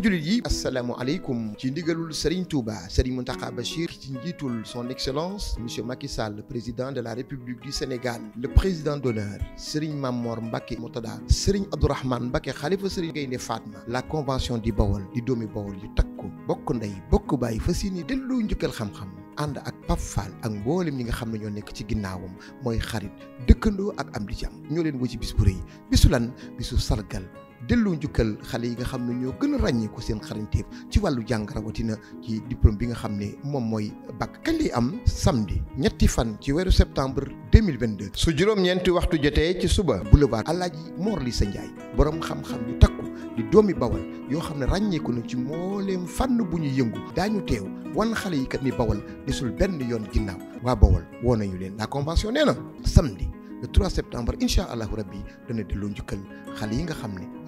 mbokki jullit yi asalaamualeykum ci ndigalul Serigne Touba Serigne Mountakha Bachir ci njiitul son excellence monsieur Macky Sall président de la république du Sénégal le président d'honneur Serigne Mamor Mbacke Mourtada Serigne Abdourahmane Mbacke xalifa Serigne Gaynde Fatma la convention di Bawol di doomi Bawol yu ko bokk ndey bokk bàyyi fas yéene delloo njukkal xam-xam ànd ak Pape Fall ak mboolem ñi nga xam ne ñoo nekk ci ginnaawam mooy xarit dëkkandoo ak a di jàmm ñoo leen woo ci bis bu rëy bisu lan bisu sargal delloo njukkal xale yi nga xam ne ñoo gën a ràññeeku seen xarañteef ci wàllu jàng rawatina ci diplôme bi nga xam ne moom mooy bac kañ lay am samedi ñetti fan ci weeru septembre 2022 su juróom-ñeenti waxtu jotee ci suba boulevard Alaaji Mor Lissa Ndiaye borom xam-xam yu takku di doomi bawal yoo xam ne ràññeeku na ci mbooleem fànn bu ñu yëngu daañu teew wan xale yi kat ni bawal desul benn yoon ginnaaw waa bawal woo nañu leen la convention nee na samedi le 3 septembre incha allahu rabbi dana delloo njukkal xale yi nga xam ne